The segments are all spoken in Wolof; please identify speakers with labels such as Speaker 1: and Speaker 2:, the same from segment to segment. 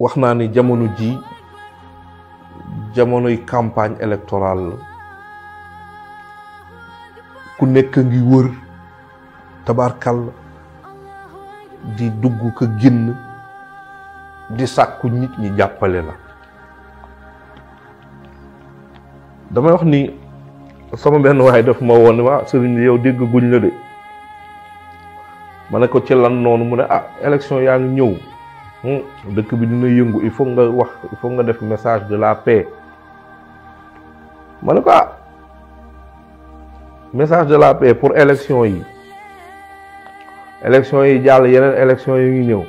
Speaker 1: wax naa ni jamono ji jamonoy campagne électorale ku nekk ngi wër tabarkal di dugg ko génn di sàkku nit ñi jàppale la damay wax ni sama benn waaye def ma woon waa ah, sëriñ yow dégg guñ la de ma ne ko ci lan noonu mu ne ah élection yaa ngi ñëw Hmm. dëkk bi dina yëngu il faut nga wax il faut nga def message de la paix ma ne ah, message de la paix pour élection yi élection yi jàll yeneen élection yi ngi ñëw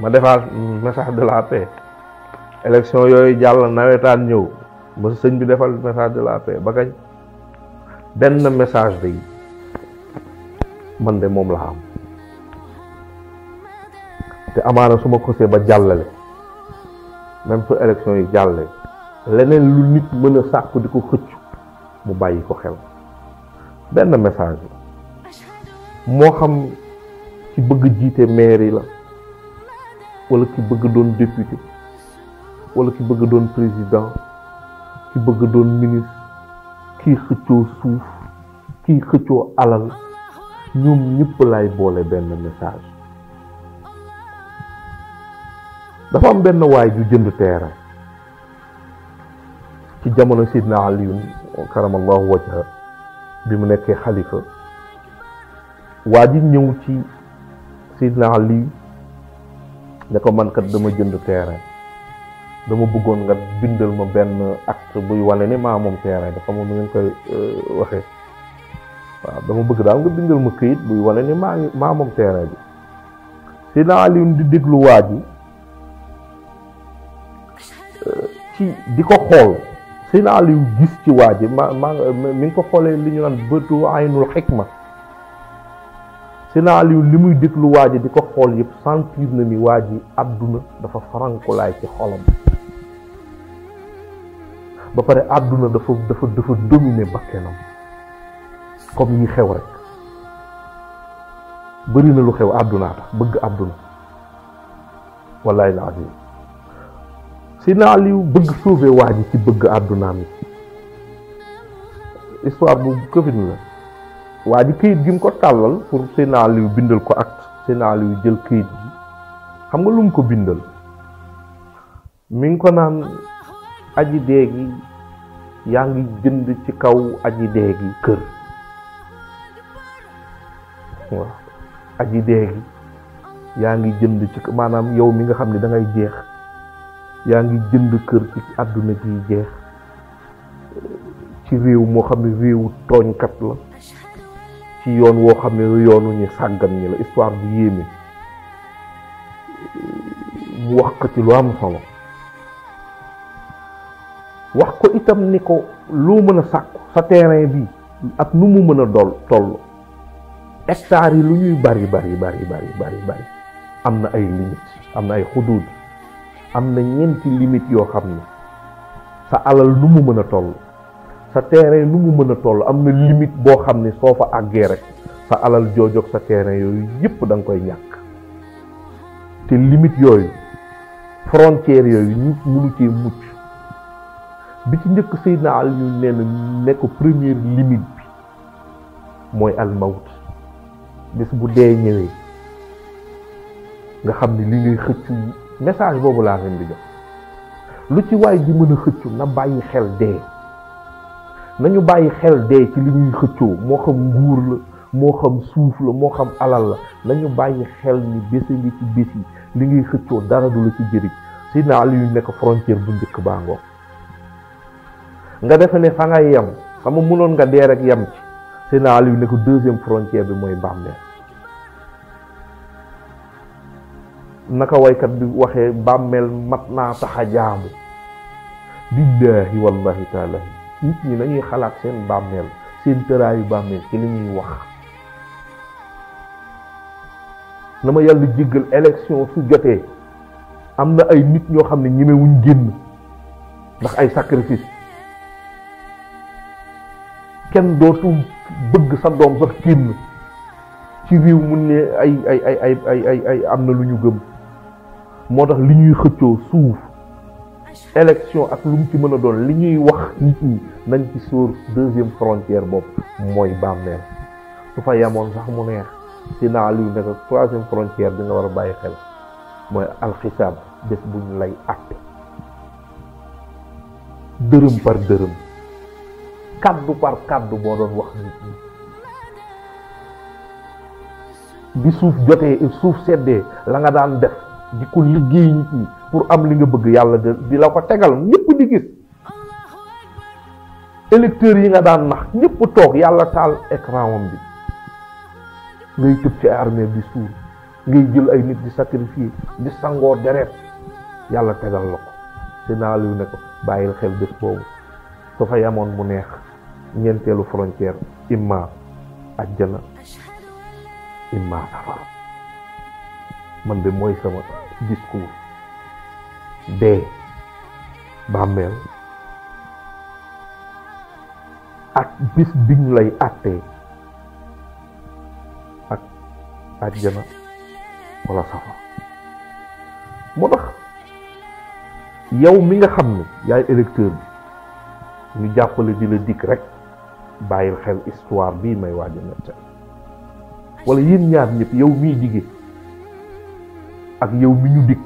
Speaker 1: ma defaat message de la paix élection yooyu jàll nawetaan ñëw ma sëñ bi defal message de la paix ba kañ benn message day man de moom la am te amaana su ma xosee ba jàllale nan fa élection yi jàllale leneen lu nit mën a sàkku di ko xëcc mu bàyyi ko xel benn message la moo xam ci bëgg jiite maire yi la wala ci bëgg doon député wala ki bëgg doon président ki bëgg doon ministre kii xëccoo suuf kii xëccoo alal ñoom ñépp lay boole benn message dafa am benn waay ju jënd terrain ci jamono sidna aliyun karamallahu wajha bi mu nekkee xalifa waa ji ñëw ci sidna ali ne ko man dama jënd terrain dama bëggoon nga bindal ma benn acte buy wane ne maa moom terrain dafa moom ngeen koy euh, waxee waaw dama bëgg daal nga bindal ma këyit buy wane ne maa moom terrain bi sidna aliyun di déglu waa ci di ko xool sëy naa liw gis ci waa ma ma mi ko xoolee li ñu naan bëtu aynul xikma sëy naa li muy déglu waa di ko xool yëpp sentir na ni waa àdduna dafa farankulaay ci xolam ba pare àdduna dafa dafa dafa dominer bakkenam comme ñi xew rek bëri na lu xew tax bëgg àdduna wallahi Seydina Aliou bëgg sauver waa ji ci bëgg àddunaam yi histoire bu këfin la waa ji këyit gi mu ko tàllal pour Seydina Aliou bindal ko ak Seydina Aliou jël këyit gi xam nga lu mu ko bindal mi ngi ko naan aji dee gi yaa ngi jënd ci kaw aji dee gi kër waaw aji dee gi yaa ngi jënd ci maanaam yow mi nga xam ne dangay jeex yaa ngi jënd kër ci àdduna ji jeex ci réew moo xam ne réewu tooñkat la ci yoon woo xam ne yoonu ñi sàggan ñi la histoire bu yéeme mu wax ko ci lu am solo wax ko itam ni ko loo mën a sàkku sa terrain bi ak nu mu mën a dol toll hectares yi lu ñuy bari bari bari bari bari bari am na ay limite am na ay xuduud am na ñeenti limite yoo xam ne sa alal nu mu mën a toll sa terrain nu mu mën a toll am na limite boo xam ne soo fa àggee rek sa alal joojoog sa terrain yooyu yépp danga koy ñàkk te limite yooyu frontières yooyu nit mënu cee mucc bi ci njëkk Seydina Aliou nee na nekk première limite bi mooy almawt bis bu dee ñëwee nga xam ne li ngay xëccu message boobu laa leen di lu ci waay di mën a xëccu na bàyyi xel dee nañu bàyyi xel dee ci li ñuy xëccoo moo xam nguur la moo xam suuf la moo xam alal la nañu bàyyi xel ni bési ngi ci bési li ngay xëccoo dara du la ci jëriñ si naa li ñu nekk frontière bu njëkk bàngoo nga defe ne fa nga yem xam nga mënoon nga dee rek yam ci si naa li ñu nekk deuxième frontière bi mooy bàmmeel naka waykat bi Bamel bàmmeel mat naa tax a wallahi taala nit ñi lañuy xalaat seen bammel seen tëraayu bammel ci li ñuy wax nama yalla yàlla election su jotté amna ay nit ño xamni ñime wuñ genn ndax ay sacrifice kenn dootu bëgg sa doom sax kenn ci réew mu ne ay ay ay ay ay ay am lu ñu gëm motax li ñuy xëccoo suuf élection ak lu mu ci mën a doon li ñuy wax nit ñi nañ ci sóor deuxième frontière bopp mooy bàmmeel su fa yamoon sax mu neex ci naa lu nekk troisième frontière dina nga war a bàyyi xel mooy alxisaab bés buñ lay atte dërëm par dërëm kaddu par kaddu boo doon wax nit ñi bi suuf jotee suuf seddee la nga daan def di ko liggéey nit ñi pour am li nga bëgg yàlla di la ko tegal ñëpp di gis électeurs yi nga daan nax ñëpp toog yàlla taal écran wam bi ngay tëb ci armée bi suur ngay jël ay nit di sacrifier di sangoo deret yàlla tegal la ko lu ne ko bàyyil xel bés boobu su fa yamoon mu neex ñeenteelu frontière imma ajjana imma safara man de moy sama discours dee bamel ak bis biñ lay atté ak àjjana wala safa motax yow mi nga xamni yaay électeur bi ñu jappalé di la dik rek bayil xel histoire bi may waaj a wala yeen ñaar ñep yow mi jigéen ak yow mi ñu dikk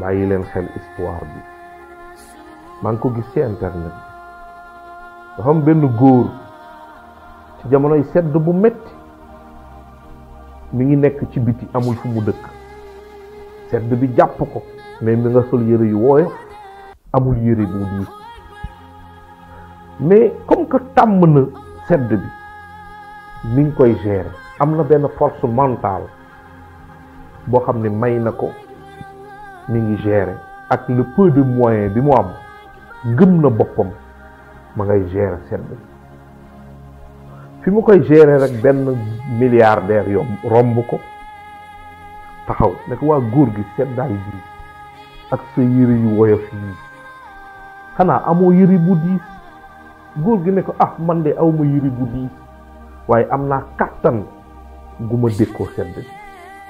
Speaker 1: bàyyi leen xel histoire bi maa ngi ko gis ci internet bi am benn góor ci jamonoy sedd bu metti mu ngi nekk ci biti amul fu mu dëkk sedd bi jàpp ko mais mi nga sol yére yu wooye amul yére bu diis mais comme que tàmm na sedd bi mi ngi koy gérer am na benn force mentale boo xam ne may na ko mu ngi gérer ak le de moyens bi mu am gëm na boppam ma ngay gérer seen fi mu koy gérer rek benn milliardaire yom romb ko taxaw nekk waa góor gi seddaay bii ak sa yëre yu woyof yii xanaa amoo yëre bu diis góor gi ne ko ah man de awma yëre bu diis waaye am naa kàttan gu ma dékkoo sedd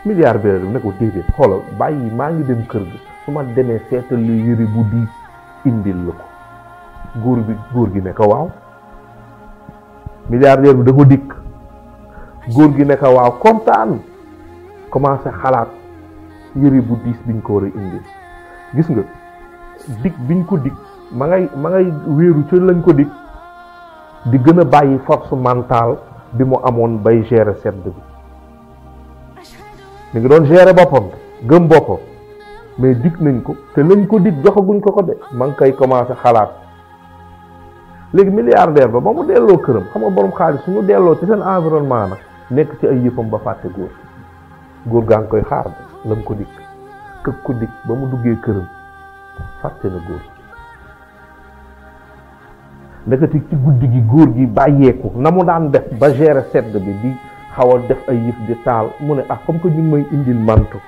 Speaker 1: milliardaire bi ne ko déedéet xoolal bàyyi maa ngi dem kër ga su ma demee seetal la yëre bu diis indil la ko góor bi góor gi ne ko waaw milliardaire bi da dikk góor gi ne ko waaw kontaan xalaat yëre bu diis biñ ko war a indil gis nga dig biñ ko dig ma ngay ma ngay wéeru ci lañ ko dig di gën a bàyyi force mentale bi mu amoon bay gérer sedd bi mi ngi doon gérer boppam gëm boppam mais dig nañ ko te lañ ko dig joxaguñ ko ko de ma ngi koy commencé xalaat léegi milliardaire ba ba mu delloo këram xam nga boroom xaalis suñu delloo ci seen environnement nag nekk ci ay yëfam ba fàtte góor góor gaa ngi koy xaar ba lañ ko dig këk ko dig ba mu duggee këram fàtte na góor ndekati ci guddi gi góor gi bàyyeeku na mu daan def ba gérer sedd bi di xaw a def ay yëf di taal mu ne ah comme que ñu may indil mantu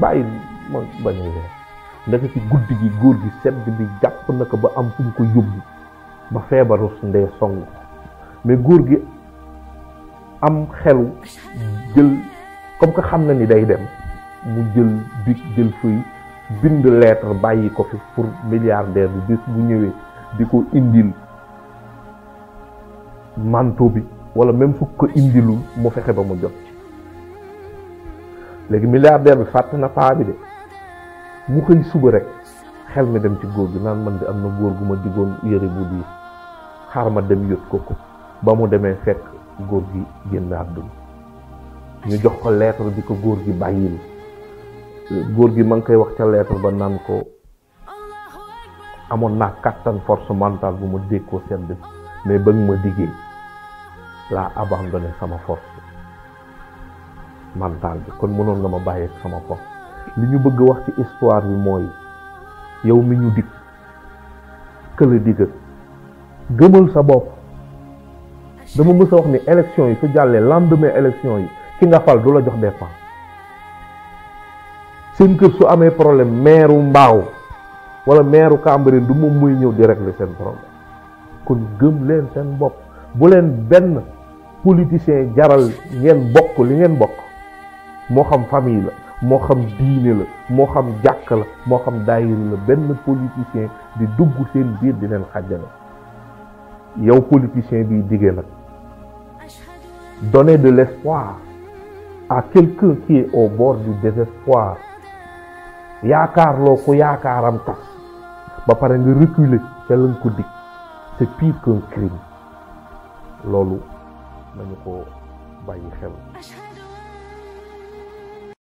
Speaker 1: bàyyi ma bañ a weer ci guddi gi góor gi sedd bi jàpp na ko ba am fu mu ko yóbbu ba feebaru ndee song mais góor gi am xelu jël comme que xam na ni day dem mu jël bi jël fëy bind lettre bàyyi ko fi pour milliardaire bi bés bu ñëwee di ko indil manto bi wala même su ko indilul mu fexe ba mu jot ci léegi milliardaire bi fàtt na paa bi de mu xëy suba rek xel mi dem ci góor gi naan man di am na góor gu ma diggoon yëre bu diis xaar ma dem yót ko ko ba mu demee fekk góor gi génn àdduna ñu jox ko lettre bi ko góor gi bàyyil góor gi ma ngi koy wax ca lettre ba naan ko amoon naa kattan force mentale bu ma dékkoo sedd mais ba nga ma diggee la abandonné sama force mental bi kon mënon nga ma bàyyi sama force li ñu bëgg wax ci histoire bi moy yow mi ñu ke le diga gëmal sa bop dama mësa wax ni élection yi su jàllee lendemain élection yi ki nga fal du la jox pas seen kër su amee problème meeru mbaaw wala meeru Cambérène du moom muy ñëw di régler seen problème kon gëm leen seen bopp bu leen benn politicien jaral ngeen bokk li ngeen bokk moo xam famille la moo xam diine la moo xam jàkk la moo xam daayira la benn politicien di dugg seen biir di leen xàjjale yow politicien bi diggee nag donner de l'espoir à quelqu'un qui est au bord du désespoir yaakaar loo ko yaakaaram tas ba pare nga reculer ca lañ ko dig c'est pire qu'un loolu nañu ko bàyyi xel